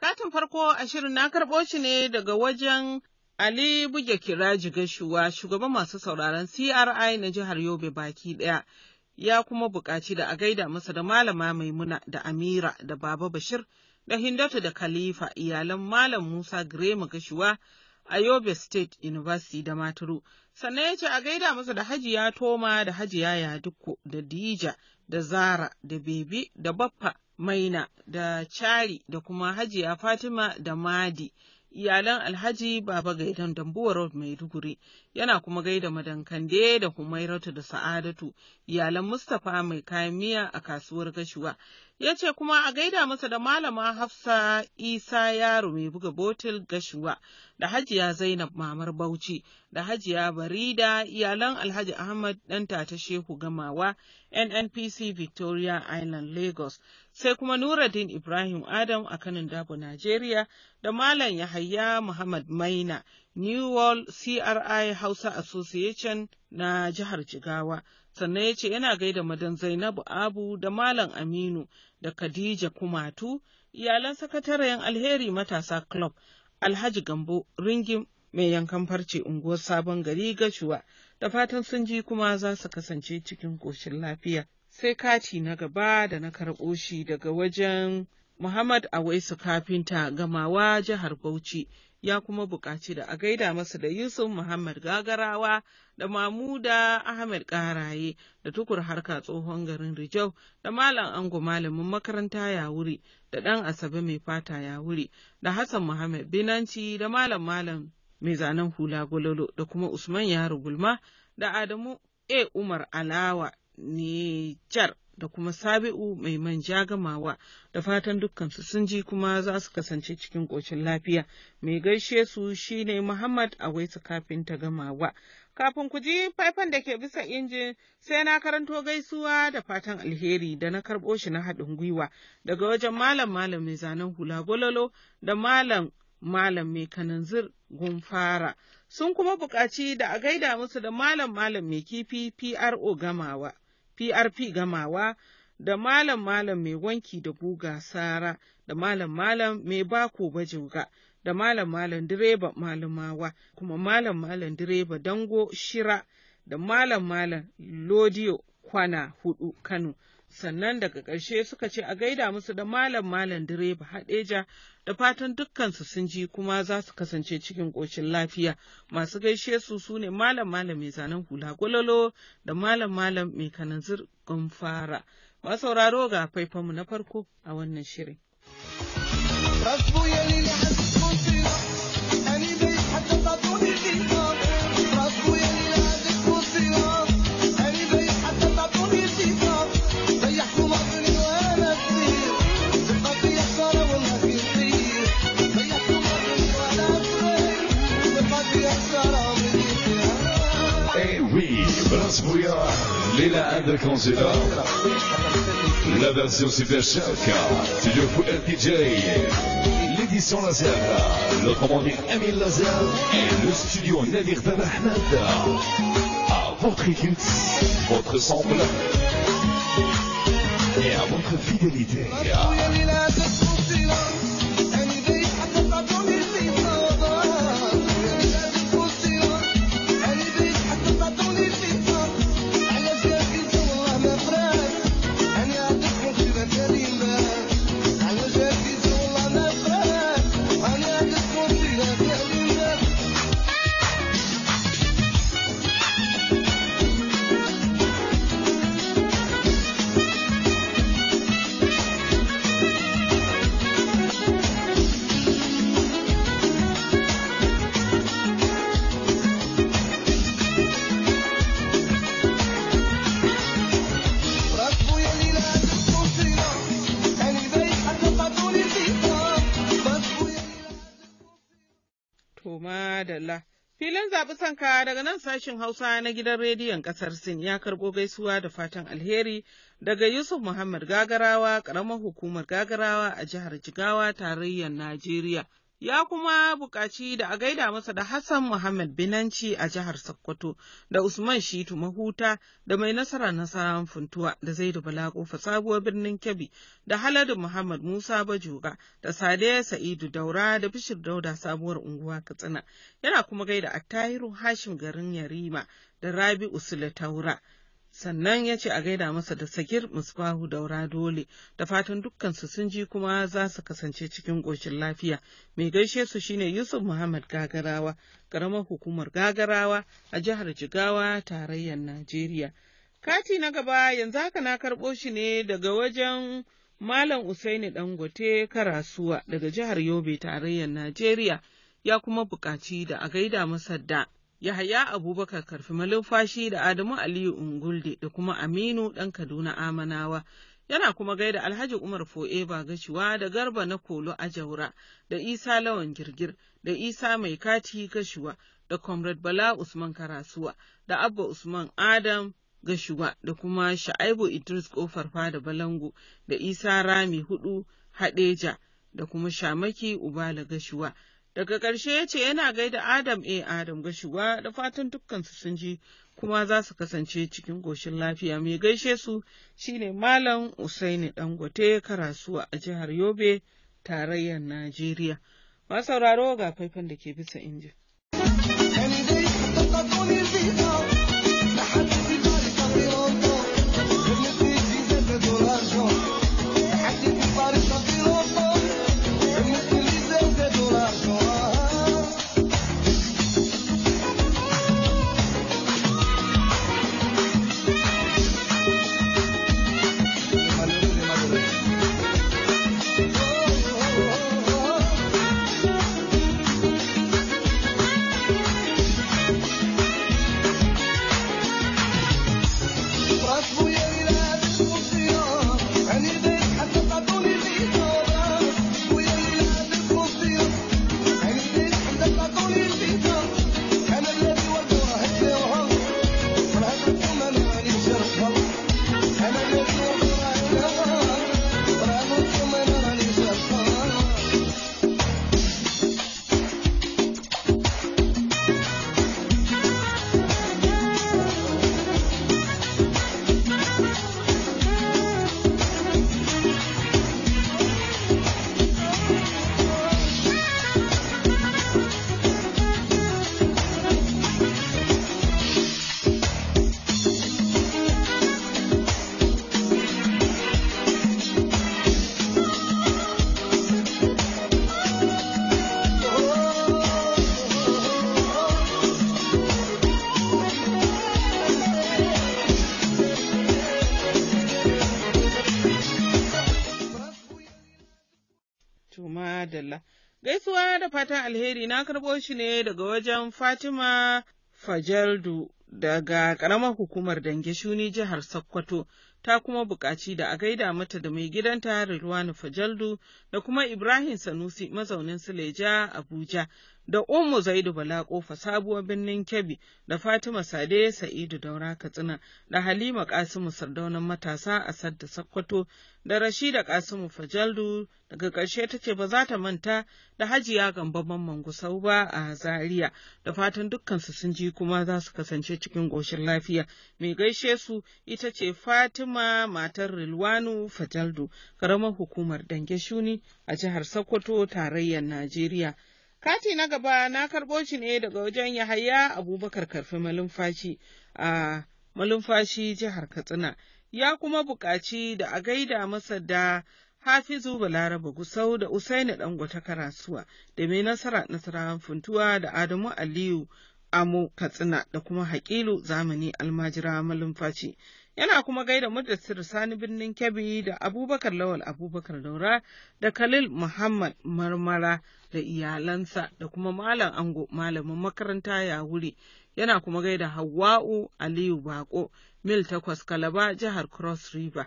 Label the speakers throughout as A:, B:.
A: Katin farko a shirin na karɓo shi ne daga wajen Ali Buge Kiraji Gashuwa, shugaban masu sauraron CRI na jihar Yobe baki ɗaya. Ya kuma buƙaci da a gaida masa da Malama Maimuna da Amira da Baba Bashir da Hindatu da Khalifa iyalan Malam Musa Grema Gashuwa a Yobe State University da Maturu. Sannan ya ce a gaida masa da Hajiya Toma da Hajiya Yadiko da Dija da Zara da Bebi da Baffa Maina da Cari da kuma Hajiya Fatima da Madi. Iyalan Alhaji Baba Gaidan Dambuwa Road Maiduguri yana kuma gaida Madankande da Humairatu da Sa'adatu iyalan Mustapha mai kayan miya a kasuwar Gashuwa ya ce kuma a gaida masa da malama Hafsa Isa yaro mai buga botil gashuwa da hajiya Zainab mamar Bauchi da hajiya Barida iyalan Alhaji Ahmad ɗanta ta Shehu Gamawa NNPC Victoria Island Lagos sai kuma Nuruddin Ibrahim Adam a kanin dabu Najeriya da Malam Yahaya Muhammad Maina New World CRI Hausa Association na jihar Jigawa sannan ya ce yana gaida madan Zainabu Abu da Malam Aminu da Khadija Kumatu, iyalan sakataren alheri matasa club Alhaji Gambo Ringim mai yankan farce unguwar sabon gari gashuwa da fatan sun ji kuma za su kasance cikin koshin lafiya. Sai kati na gaba da na karɓo shi daga wajen Muhammad Awaisu Kafinta Gamawa jihar Bauchi ya kuma buƙaci da a gaida masa da Yusuf Muhammad Gagarawa da Mamuda Ahmed Karaye da tukur harka tsohon garin Rijau da Malam Ango Malamin makaranta ya wuri da ɗan Asabe mai fata ya wuri da Hassan Muhammad Binanci da Malam Malam mai zanen hula gololo da kuma Usman Yaro Gulma da Adamu A. Umar Alawa Nijar. da kuma Sabi'u mai manja gamawa da fatan dukkansu sun ji kuma za su kasance cikin ƙoshin lafiya. Mai gaishe su shine Muhammad a kafin ta gamawa. Kafin ku ji faifan da ke bisa injin sai na karanto gaisuwa da fatan alheri da na karɓo shi na haɗin gwiwa daga wajen malam malam mai zanen hula gololo da malam malam mai kananzir gumfara. Sun kuma buƙaci da a gaida musu da malam malam mai kifi PRO gamawa. PRP gamawa da malam malam mai wanki da guga sara da malam malam mai bako bajoga da malam malam direba malamawa kuma malam malam direba dango shira da malam malam lodiyo kwana hudu kano sannan daga ƙarshe suka ce a gaida musu da malam malam direba haɗeja da fatan dukkansu sun ji kuma za su kasance cikin ƙoshin lafiya masu gaishe su su ne malam malam mai zanen hula gwalolo da malam malam mai kananzir fara masauraro ga faifanmu na farko a wannan shirin.
B: L'élan Lila and the La version Super Shark, Studio Full LPJ. L'édition Laser, le commandant Emile Lazar et le studio Nadir Ben Ahmed. À votre écoute, votre semble et à votre fidélité.
A: Dalla. Filin zaɓi sanka daga nan sashin Hausa na gidan rediyon ƙasar Sin ya karɓo gaisuwa da fatan alheri daga Yusuf Muhammad Gagarawa, ƙaramar hukumar Gagarawa a jihar Jigawa, tarayyar Najeriya. ya kuma buƙaci da a gaida masa da Hassan Muhammad Binanci a jihar Sokoto da Usman Shitu Mahuta da mai nasara na nasaran funtuwa da Zaidu Balakofa sabuwar birnin Kebbi da Haladu Muhammad Musa Bajuga da Sade Sa'idu Daura da Bishir Dauda sabuwar unguwa Katsina yana kuma gaida Attahiru Hashim garin Yarima da Rabi'u Sule Taura. sannan ya ce a gaida masa da sagir musbahu daura dole da fatan dukkan su sun ji kuma za su kasance cikin ƙoshin lafiya mai gaishe su shine yusuf muhammad gagarawa karamar hukumar gagarawa a jihar jigawa tarayyar najeriya kati na gaba yanzu haka na karɓo shi ne daga wajen malam usaini dangote karasuwa daga jihar yobe tarayyar najeriya ya kuma buƙaci da a gaida masa da Yahaya Abubakar Karfi Malumfashi da Adamu Aliyu Ungulde da kuma Aminu ɗan Kaduna Amanawa. Yana kuma gaida Alhaji Umar Fo'eba Gashuwa da Garba na Kolo a jaura da Isa Lawan Girgir da Isa Mai Kati Gashuwa da Comrade Bala Usman Karasuwa da Abba Usman Adam Gashuwa da kuma Sha'aibu Idris Kofar Fada Balangu da Isa Rami Hudu Hadeja da kuma Shamaki Ubala Gashuwa. Daga ƙarshe ya ce yana gaida Adam A. Adam ga Gashuwa da fatan dukkansu sun ji kuma za su kasance cikin goshin lafiya mai gaishe su shine Malam Usaini Dangote Karasuwa a jihar Yobe, tarayyar Najeriya. Masauraro ga faifan da ke bisa injin. fatan alheri na karɓo shi ne daga wajen Fatima Fajaldu daga ƙaramar hukumar Dange Shuni jihar Sokoto. ta kuma buƙaci da a gaida mata da mai gidanta Rilwani Fajaldu da kuma Ibrahim Sanusi mazaunin Suleja Abuja da Ummu Zaidu Bala Kofa sabuwar birnin Kebbi da Fatima Sade Sa'idu Daura Katsina da Halima Kasimu Sardaunan matasa a Sadda Sakkwato da Rashida Kasimu Fajaldu daga ƙarshe ta ce ba za ta manta da Hajiya Gambo mamman gusau ba a Zaria da fatan dukkansu sun ji kuma za su kasance cikin ƙoshin lafiya mai gaishe su ita ce Fatima matar Rilwanu Fajaldu karamar hukumar Dange Shuni a jihar Sokoto tarayyar Najeriya. Kati na gaba na karɓo shi ne daga wajen Yahaya Abubakar Karfi Malumfashi a Malumfashi jihar Katsina, ya kuma buƙaci da a gaida masa da Hafizu Balaraba Gusau da Usaini Dangote Karasuwa da mai nasara nasarawan funtuwa da Adamu Aliyu Amo Katsina da kuma Hakilu zamani almajira malumfaci yana kuma gaida Mudassir Sani birnin Kebbi da Abubakar Lawal Abubakar Daura da Khalil Muhammad Marmara da iyalansa da kuma Malam Ango malamin makaranta ya wuri yana kuma gaida Hawwa'u Aliyu Bako mil takwas Kalaba jihar Cross River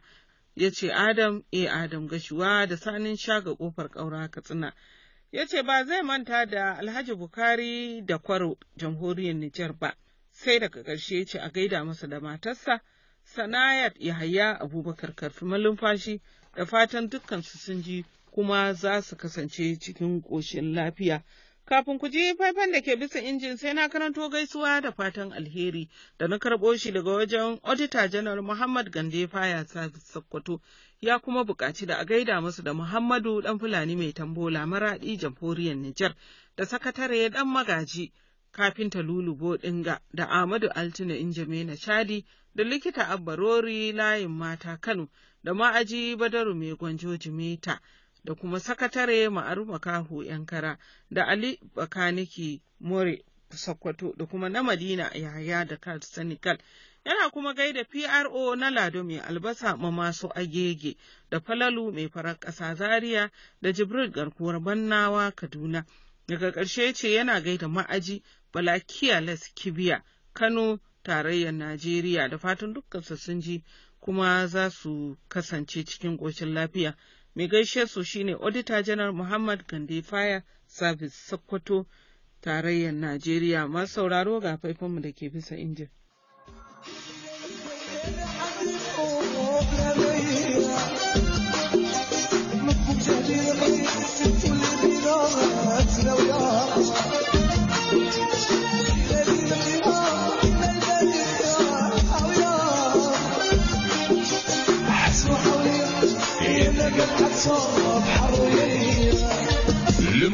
A: ya ce Adam e Adam gashuwa da sanin shaga kofar ƙaura Katsina. Ya ce ba zai manta da Alhaji Bukari da Kwaro jamhuriyar Nijar ba, sai daga ƙarshe ya ce a gaida masa da matarsa. Sanayat Yahaya Abubakar Karfi malumfashi da fatan dukkansu sun ji kuma za su kasance cikin ƙoshin lafiya. Kafin ku ji faifan da ke bisa injin sai na karanto gaisuwa da fatan alheri da na karɓo shi daga wajen Auditor General Muhammad Gande Faya Sakkwato ya kuma buƙaci da a gaida masu da Muhammadu ɗan Fulani mai tambola maraɗi jamhuriyar Nijar da sakatare ɗan magaji. kafinta Lulu ga da Ahmadu Altina Injamena Chadi da likita Abba Rori layin mata Kano da ma'aji Badaru Mai Gwanjo Jimeta da kuma sakatare Ma'aru Makahu Yankara da Ali Bakaniki More Sokoto da kuma na Madina Yahaya da Kal Senegal. Yana kuma gaida PRO na Lado mai albasa ma masu agege da Falalu mai farar ƙasa Zaria da Jibril garkuwar Bannawa Kaduna. Daga ƙarshe ce yana gaida ma'aji Balakiya Kibiya, Kano, Tarayyar Najeriya da fatan dukkansa sun ji kuma za su kasance cikin ƙoshin lafiya. Mai gaishe su shine odita janar Muhammad Gande Faya Service Sokoto, Tarayyar Najeriya. Masu sauraro ga faifanmu da ke bisa injin.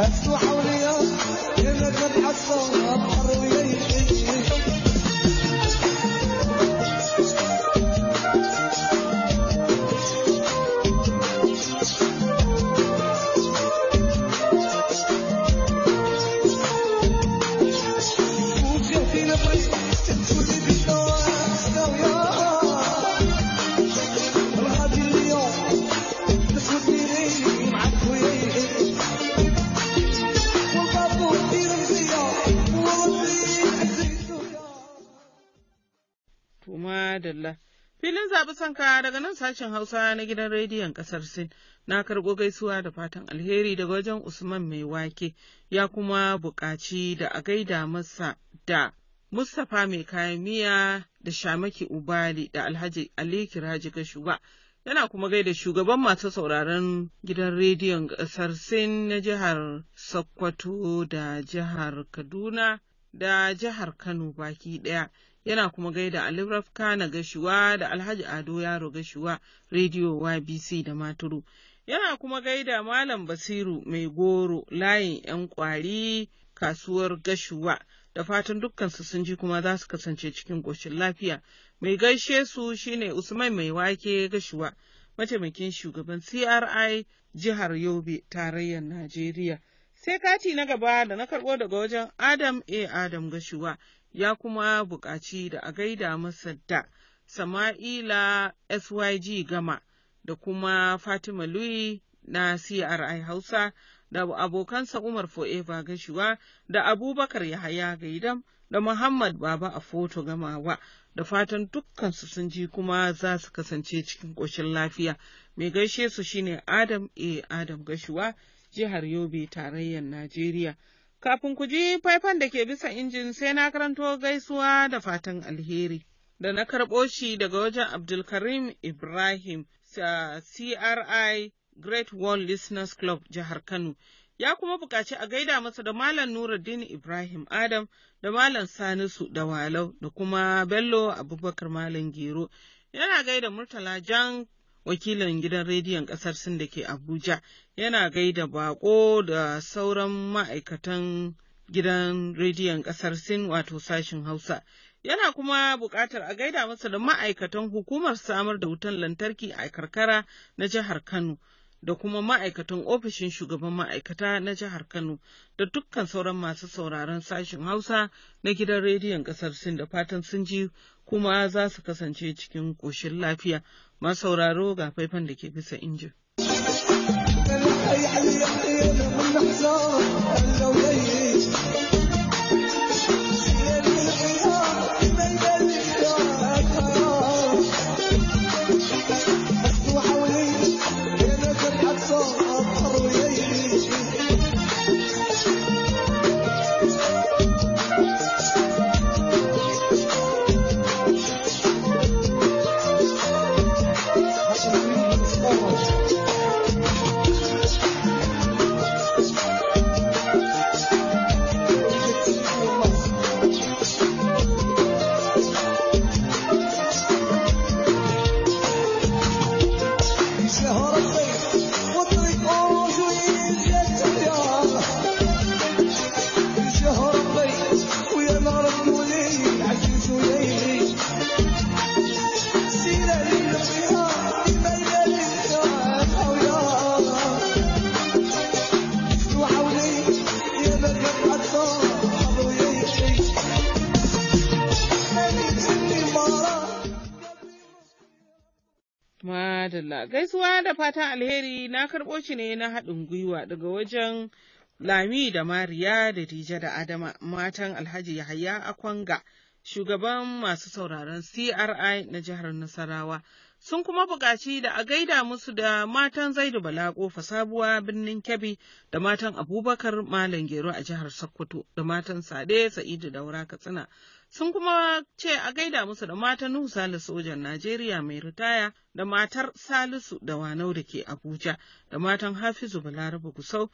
A: أفتح Sanka daga nan sashen Hausa na gidan rediyon ƙasar Sin na karɓo gaisuwa da fatan alheri daga wajen Usman mai wake ya kuma buƙaci da a gaida masa da Mustapha mai kayan miya da Shamaki Ubali da Alhaji Ali Kiraji Gashuba. Yana kuma gaida shugaban masu sauraron gidan rediyon ƙasar Sin na jihar Sokoto da jihar Kaduna da jihar Kano baki ɗaya. yana kuma gaida Ali Rafka na gashuwa da Alhaji Ado Yaro gashuwa rediyo YBC da Maturu. Yana kuma gaida Malam Basiru mai goro layin 'yan kwari kasuwar gashuwa da fatan dukkansu sun ji kuma za su kasance cikin ƙoshin lafiya. Mai gaishe su shine Usman mai wake gashuwa, mataimakin shugaban CRI jihar Yobe tarayyar Najeriya. Sai kati na gaba da na karɓo daga wajen Adam A. Adam gashuwa. ya kuma buƙaci da a gaida masa da Sama'ila SYG Gama da kuma Fatima Lui na CRI Hausa da abokansa Umar Fo'eva gashiwa, da Abubakar Yahaya Gaidam da Muhammad Baba a foto gamawa da fatan dukkansu sun ji kuma za su kasance cikin ƙoshin lafiya. Mai gaishe su shine Adam A. Adam gashiwa? jihar Yobe, tarayyar Najeriya. Kafin ku ji faifan da ke bisa injin sai na karanto gaisuwa da fatan alheri. Da na karɓo shi daga wajen Abdulkarim Ibrahim, CRI Great World Listeners Club jihar Kano. Ya kuma buƙaci a gaida masa da Malam Nuruddin Ibrahim Adam da Malam Sanusu da Walau da kuma Bello Abubakar Malam Gero. Yana gaida Murtala Jan wakilin gidan rediyon ƙasar Sin da ke Abuja, yana gaida baƙo da sauran ma'aikatan gidan rediyon ƙasar Sin wato sashin Hausa. Yana kuma buƙatar a gaida masa da ma'aikatan hukumar samar da wutan lantarki a karkara na jihar Kano. da kuma ma'aikatan ofishin shugaban ma'aikata na jihar Kano da dukkan sauran masu sauraron sashin Hausa na gidan rediyon ƙasar Sin da fatan sun ji kuma za su kasance cikin ƙoshin lafiya. masauraro ga faifan da ke bisa injin. Madalla, gaisuwa da fatan alheri na karɓo shi ne na haɗin gwiwa daga wajen Lami da Mariya da Dija da Adama, matan Alhaji Yahaya Akwanga, shugaban masu sauraron CRI na jihar Nasarawa. Sun kuma buƙaci da a gaida musu da matan Zaidu Bala ƙofa sabuwa birnin Kebbi da matan Abubakar Malam Gero a jihar Sokoto da matan Sade Sa'idu Daura Katsina. sun kuma ce a gaida musu da matan Nuhu Salisu sojan Najeriya mai ritaya da matar Salisu da Wanau da ke Abuja da matan Hafizu Balarabe Gusau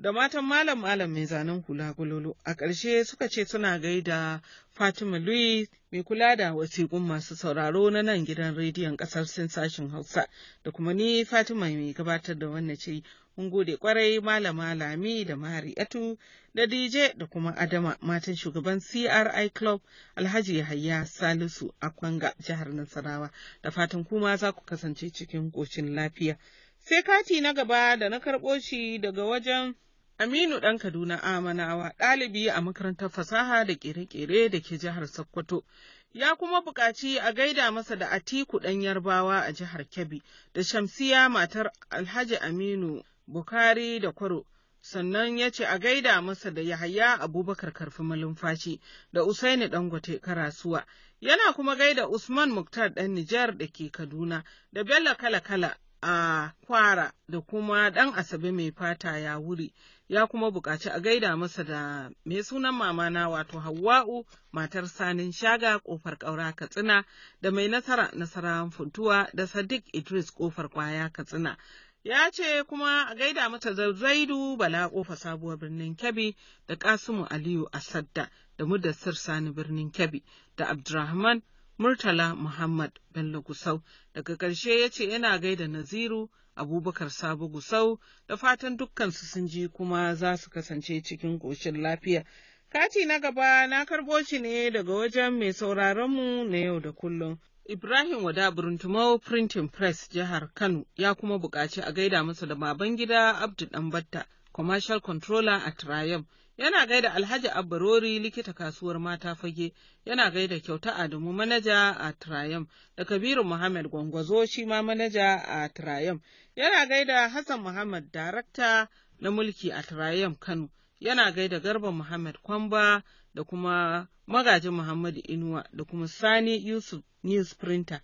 A: da matan Malam Malam mai zanen hula gololo a ƙarshe suka ce suna gaida Fatima Louis mai kula da wasiƙun masu sauraro na nan gidan rediyon ƙasar sin Sashin Hausa da kuma ni Fatima mai gabatar da wannan ce mun gode kwarai malama Lami da mahari'atu da DJ da kuma Adama matan shugaban CRI Club Alhaji Yahaya Salisu a Kwanga jihar Nasarawa da fatan kuma za ku kasance cikin ƙoshin lafiya. Sai kati na gaba da na karɓo shi daga wajen Aminu ɗan Kaduna Amanawa ɗalibi a makarantar fasaha da ƙere-ƙere da ke jihar Sokoto. Ya kuma buƙaci a gaida masa da Atiku ɗan Yarbawa a jihar Kebbi da Shamsiya matar Alhaji Aminu Bukari da Kwaro. Sannan ya ce a gaida masa da Yahaya Abubakar Karfi Malumfashi da Usaini ɗan Dangote Karasuwa. Yana kuma gaida Usman Muktar ɗan Nijar da ke Kaduna da Bello Kala Kala a kwara da kuma ɗan asabe mai fata ya wuri ya kuma buƙaci a gaida masa da mai sunan mamana wato hawa'u matar sanin shaga ƙofar ƙaura katsina da mai nasara nasarawan funtuwa da sadiq idris ƙofar kwaya katsina ya ce kuma a gaida mata da zaidu bala ƙofa sabuwar birnin kebbi da kasimu aliyu asadda da mudassir sani birnin kebbi da abdurrahman Murtala Muhammad Bello Gusau daga ƙarshe ya ce yana gaida Naziru Abubakar Sabo Gusau da fatan dukkansu sun ji kuma za su kasance cikin ƙoshin lafiya. Kati na gaba na karɓo shi ne daga wajen mai sauraronmu na yau da kullum. Ibrahim Wada Buruntumau Printing Press jihar Kano ya kuma buƙaci a gaida masa da Babangida Abdu Ɗanbatta, Commercial Controller a Triumph. yana gaida Alhaji Abbarori likita kasuwar mata fage, yana gaida kyauta Adamu manaja a Trayam da Kabiru Muhammad Gwangwazo shi ma manaja a Trayam, yana gaida Hassan Muhammad darakta na mulki a Trayam Kano, yana gaida Garba Muhammad Kwamba da kuma Magaji Muhammad Inuwa da kuma Sani Yusuf News Printer.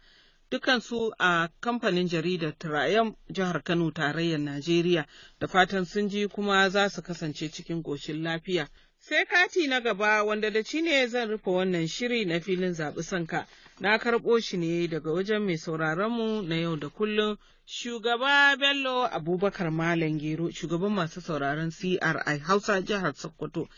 A: dukansu a kamfanin jaridar Tirayam jihar Kano tarayyar Najeriya da fatan sun ji kuma za su kasance cikin goshin lafiya. Sai kati na gaba wanda da ne zan rufe wannan shiri na filin zaɓi sanka. Na karɓo shi ne daga wajen mai sauraronmu na yau da kullum shugaba Bello Abubakar Malam Gero shugaban masu sauraron CRI Hausa jihar Sokoto.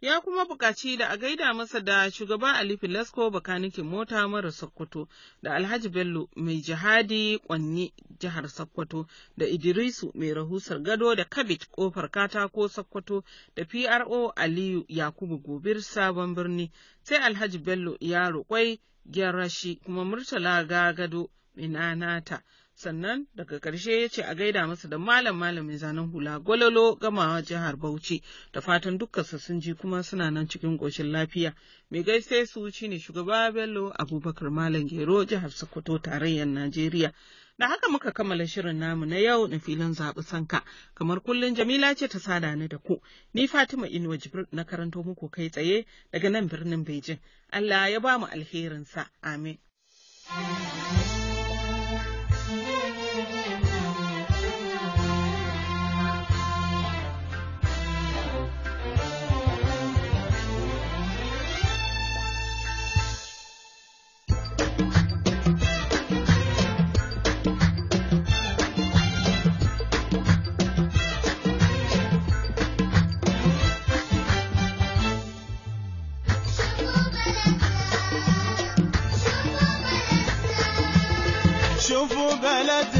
A: ya kuma buƙaci da a gaida masa da shugaba Ali Filasko bakanikin mota mara Sokoto da Alhaji Bello mai jihadi kwanni jihar Sokoto da Idrisu mai rahusar gado da Kabit kofar katako Sokoto da PRO Aliyu Yakubu Gobir sabon birni sai Alhaji Bello ya roƙwai gyarashi kuma Murtala Gagado Minanata sannan daga ƙarshe ya ce a gaida masa da malam malamin zanen hula gwalolo gamawa jihar Bauchi da fatan dukkan sun ji kuma suna nan cikin ƙoshin lafiya. Mai gaisa su shine shugaba Bello Abubakar Malam Gero jihar Sokoto tarayyar Najeriya. Da haka muka kammala shirin namu na yau na filin zaɓi sanka, kamar kullum Jamila ce ta sada ni da ku, ni Fatima Inuwa Jibril na karanto muku kai tsaye daga nan birnin Bejin. Allah ya ba mu alherinsa, amin.
B: بلد